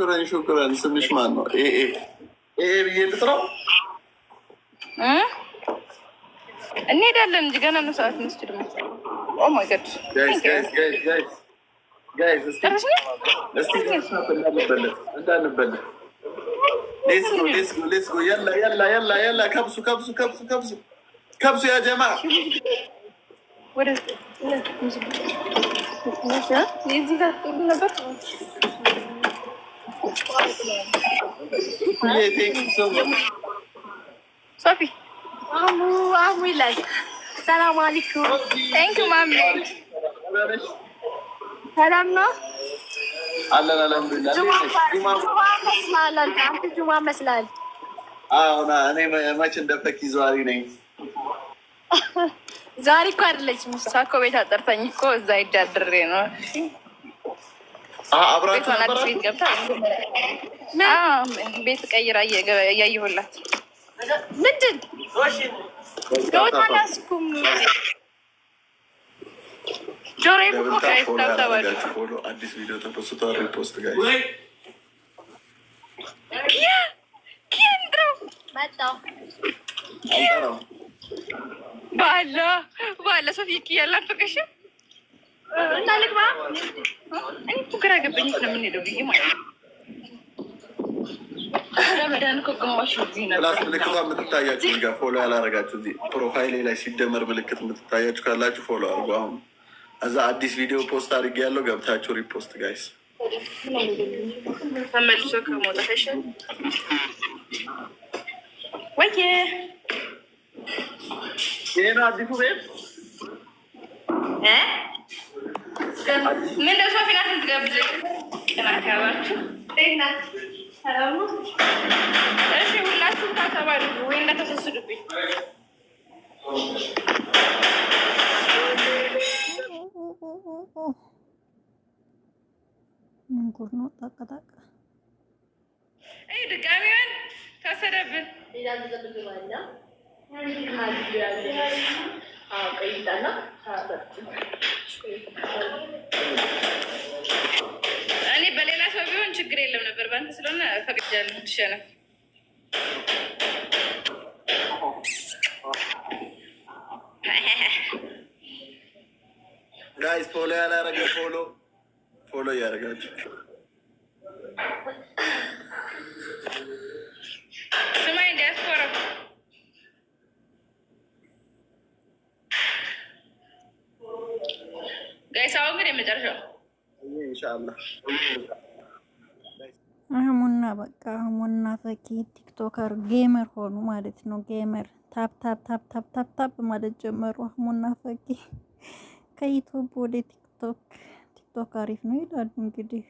ሹክረን ሹክረን። ስምሽ ማን ነው? ይሄ ብዬ ልጥራው። እንሄዳለን እንጂ ገና ነው ሰዓት መስጅድ ማለት ኦ ማይ ጋድ ጋይስ ከብሱ ያ ጀማ ወደ ነበር ሶፊ አሙ አሙ ይላል። ሰላም አለይኩም። ቴንክዩ ማሚ ሰላም ነው አለን። አልሐምዱሊላህ መስላል። አንተ ጁማ መስላል። አሁና እኔ መች እንደ ፈኪ ነኝ። ዛሬ እኮ አይደለችም። እሷ እኮ ቤት አጠርታኝ እኮ እዛ ይዳድሬ ነው ቤቷን አዲስ ቤት ገብታ ቤት ቀይራ እያየሁላት ምንድን ገወታላስኩም ጆሮ ይታብታባል። ኪያ ኪያ ባለ ኪያ ግራ ገባኝ። ብዬ ማለት ነው። ረመዳን እኮ ግማሽ እዚህ ምልክቷ የምትታያችሁ ጋር ፎሎ ያላረጋችሁ እዚህ ፕሮፋይሌ ላይ ሲደመር ምልክት የምትታያችሁ ካላችሁ ፎሎ አድርጎ አሁን እዛ አዲስ ቪዲዮ ፖስት አድርጌ ያለው ገብታችሁ ሪፖስት ጋይስ ወይ ይሄ ነው አዲሱ ቤት ሁላችሁም ታተባሉ ወይ እንዳታሳስዱብኝ። ምን ነው? ጠቅጠቅ ድጋሚን ከሰደብን ሌላ እኔ በሌላ ሰው ቢሆን ችግር የለም ነበር። በአንተ ስለሆነ ፈቅጃለሁ። ትሸነፍ ጋይስ ፎሎ ያላረገ ፎሎ ፎሎ እያደረጋችሁ አህሙና በቃ አህሙና ፈኪ ቲክቶከር ጌመር ሆኑ ማለት ነው። ጌመር ታፕ ታፕ ታፕ ታፕ ታፕ ታፕ ማለት ጀመሩ። አህሙና ፈኪ ከዩቱብ ወደ ቲክቶክ። ቲክቶክ አሪፍ ነው ይላሉ እንግዲህ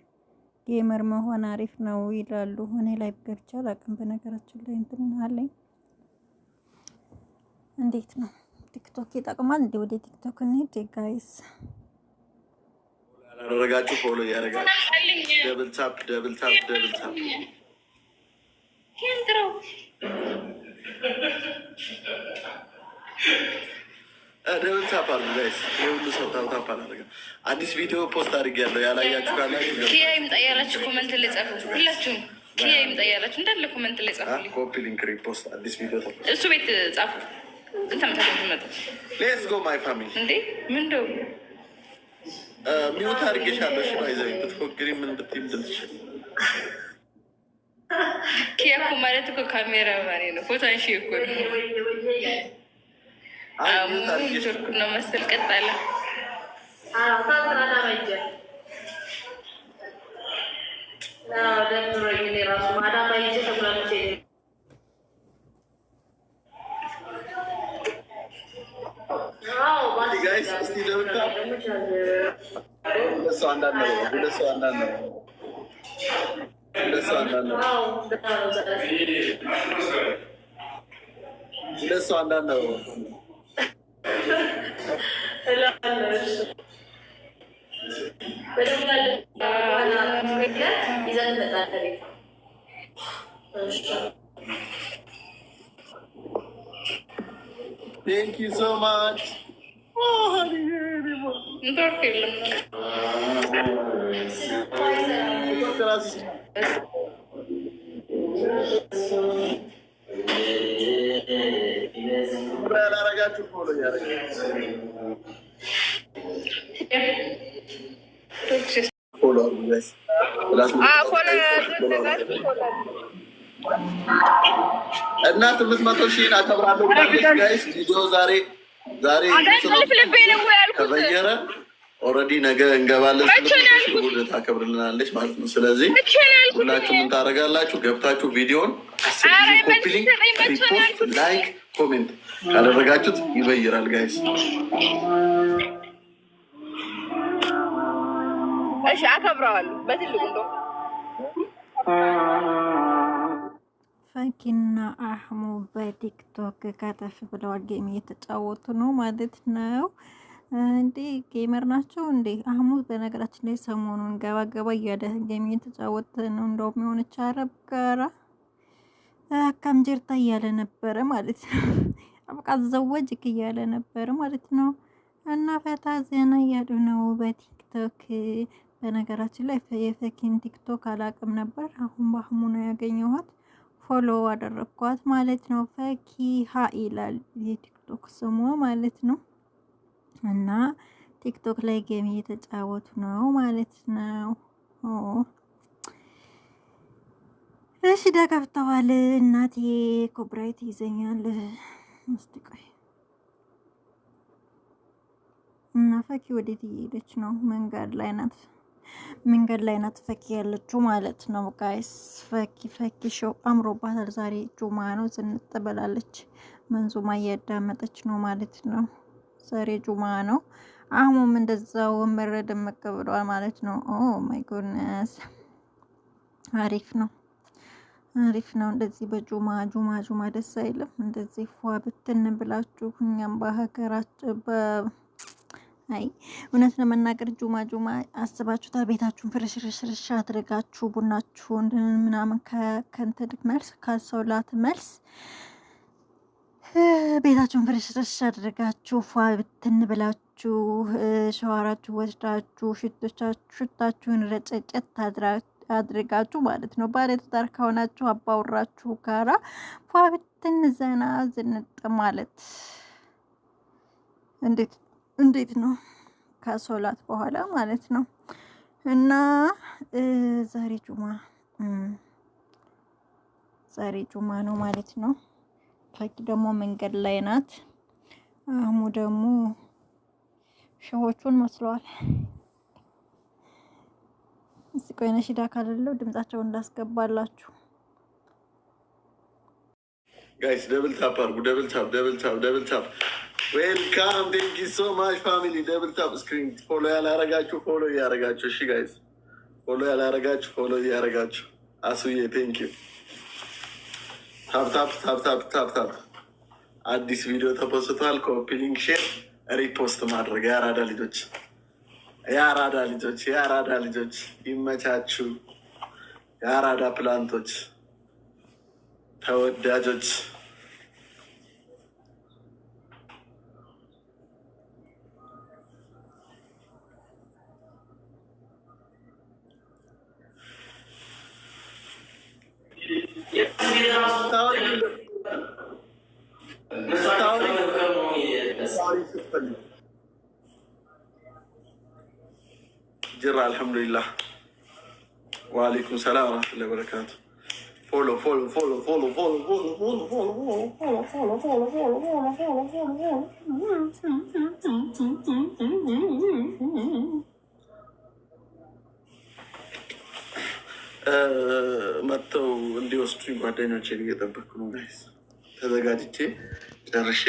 ጌመር መሆን አሪፍ ነው ይላሉ። እኔ ላይ ገብቼ አላውቅም በነገራችን ላይ እንትን አለኝ። እንዴት ነው ቲክቶክ ይጠቅማል እንዴ? ወደ ቲክቶክ እንሂድ ጋይስ። ያደረጋችሁ ፎሎ እያደረጋችሁ ደብል ታፕ ደብል ታፕ ደብል ታፕ ደብል ታፕ አሉ ጋይስ። የሁሉ ሰው ታፕ ታፕ አላደረገ። አዲስ ቪዲዮ ፖስት አድርጌያለሁ ያላያችሁ ካላችሁ ኪያ ይምጣ ያላችሁ ኮመንት ላይ ጻፉ። ሁላችሁም ኪያ ይምጣ ያላችሁ እንዳለ ኮመንት ላይ ጻፉ። ኮፒ ሊንክ ሪፖስት አዲስ ቪዲዮ እሱ ቤት ጻፉ። እንተመታ መጣ። ሌትስ ጎ ማይ ፋሚሊ እንዴ ምንደው ሚውት አድርጌሻለሁ። እሺ ባይዘኝ ብትፎክሪ ምን ብትይ ብትችል ኬኩ ማለት እኮ ካሜራ ማኔ ነው። ፎታንሽ እኮ ቱርክ ነው መሰል ቀጣለ ራሱ guys, Let's go under now. Let's go Let's go Let's go under now. Hello, Anders. Pero mga lupa na media, isa na natatari pa. Thank you so much. እናት ስምንት መቶ ሺህን አከብራለሁ። ጋይስ ቪዲዮ ዛሬ ዛሬ ልፍልፌ ነው ያልኩት ተበየረ። ኦልሬዲ ነገ እንገባለን ስለሆነ ታከብርልናለች ማለት ነው። ስለዚህ ሁላችሁ ምን ታደርጋላችሁ? ገብታችሁ ቪዲዮን ኮፒሊንግ፣ ሪፖርት፣ ላይክ፣ ኮሜንት ካደረጋችሁት ይበይራል ጋይስ። እሺ አከብረዋለሁ በትልቁ እንደው ፈኪና አህሙ በቲክቶክ ከተፍ ብለው ጌም እየተጫወቱ ነው ማለት ነው። እንዴ ጌመር ናቸው እንዴ? አህሙ በነገራችን ላይ ሰሞኑን ገባ ገባ እያለ ጌም እየተጫወተ ነው። እንደውም የሆነች አረብ ጋራ ከምጀርታ እያለ ነበረ ማለት ነው። አብቃ ዘወጅክ እያለ ነበረ ማለት ነው። እና ፈታ ዘና እያሉ ነው በቲክቶክ በነገራችን ላይ የፈኪን ቲክቶክ አላቅም ነበር። አሁን በአህሙ ነው ያገኘኋት። ፎሎ አደረግኳት ማለት ነው። ፈኪ ሀ ይላል የቲክቶክ ስሙ ማለት ነው። እና ቲክቶክ ላይ ጌም እየተጫወቱ ነው ማለት ነው። እሺ ደከፍተዋል። እናትዬ ኮብራይት ይዘኛል። እስቲ እና ፈኪ ወዴት እየሄደች ነው? መንገድ ላይ ናት። መንገድ ላይ ናት ፈኪ ያለችው ማለት ነው። ጋይስ ፈኪ ፈኪ ሸው አምሮባታል። ዛሬ ጁማ ነው ዝንጥ ብላለች። መንዙማ እያዳመጠች ነው ማለት ነው። ዛሬ ጁማ ነው። አህሙም እንደዛ ወንበረ ደመቀ ብሏል ማለት ነው። ኦ ማይ ጎድነስ አሪፍ ነው አሪፍ ነው። እንደዚህ በጁማ ጁማ ጁማ ደስ አይልም? እንደዚህ ፏ ብትን ብላችሁ እኛም በሀገራችን አይ እውነት ለመናገር ጁማ ጁማ አስባችሁታል? ቤታችሁን ፍርሽርሽርሽ አድርጋችሁ ቡናችሁን ምናምን ከንትን መልስ ከሰውላት መልስ ቤታችሁን ፍርሽርሽ አድርጋችሁ ፏ ብትን ብላችሁ ሸዋራችሁ ወስዳችሁ ሽታችሁን ረጨጨት አድርጋችሁ ማለት ነው። ባለ ትዳር ከሆናችሁ አባውራችሁ ጋራ ፏ ብትን ዘና ዝንጥ ማለት እንዴት እንዴት ነው ከሶላት በኋላ ማለት ነው። እና ዛሬ ጁማ ዛሬ ጁማ ነው ማለት ነው። ታኪ ደግሞ መንገድ ላይ ናት። አህሙ ደግሞ ሸሆቹን መስለዋል። እስቲ ቆይ ነሽ ካለለው ድምጻቸውን እንዳስገባላችሁ ጋይስ ደብል ታፕ አድርጉ። ደብል ታፕ ደብል ታፕ ደብል ታፕ ዌልካም ቴንኪ ሶ ማች ፋሚሊ ደብል ታፕ ስክሪን ፎሎ ያላረጋችሁ ፎሎ እያረጋችሁ፣ እሺ ጋይስ ፎሎ ያላረጋችሁ ፎሎ እያረጋችሁ። አሱዬ ቴንኪ ታፕታፕ ታፕታፕ ታፕታፕ። አዲስ ቪዲዮ ተፖስቷል። ኮፒሊንግ ሼር ሪፖስት ማድረግ የአራዳ ልጆች የአራዳ ልጆች የአራዳ ልጆች ይመቻችሁ። የአራዳ ፕላንቶች ተወዳጆች جرا الحمد لله وعليكم السلام ورحمة الله وبركاته فولو فولو فولو فولو فولو فولو فولو فولو فولو فولو فولو فولو فولو فولو فولو መጥተው እንዲወስዱ ጓደኞቼን እየጠበቅኩ ነው። ተዘጋጅቼ ጨርሼ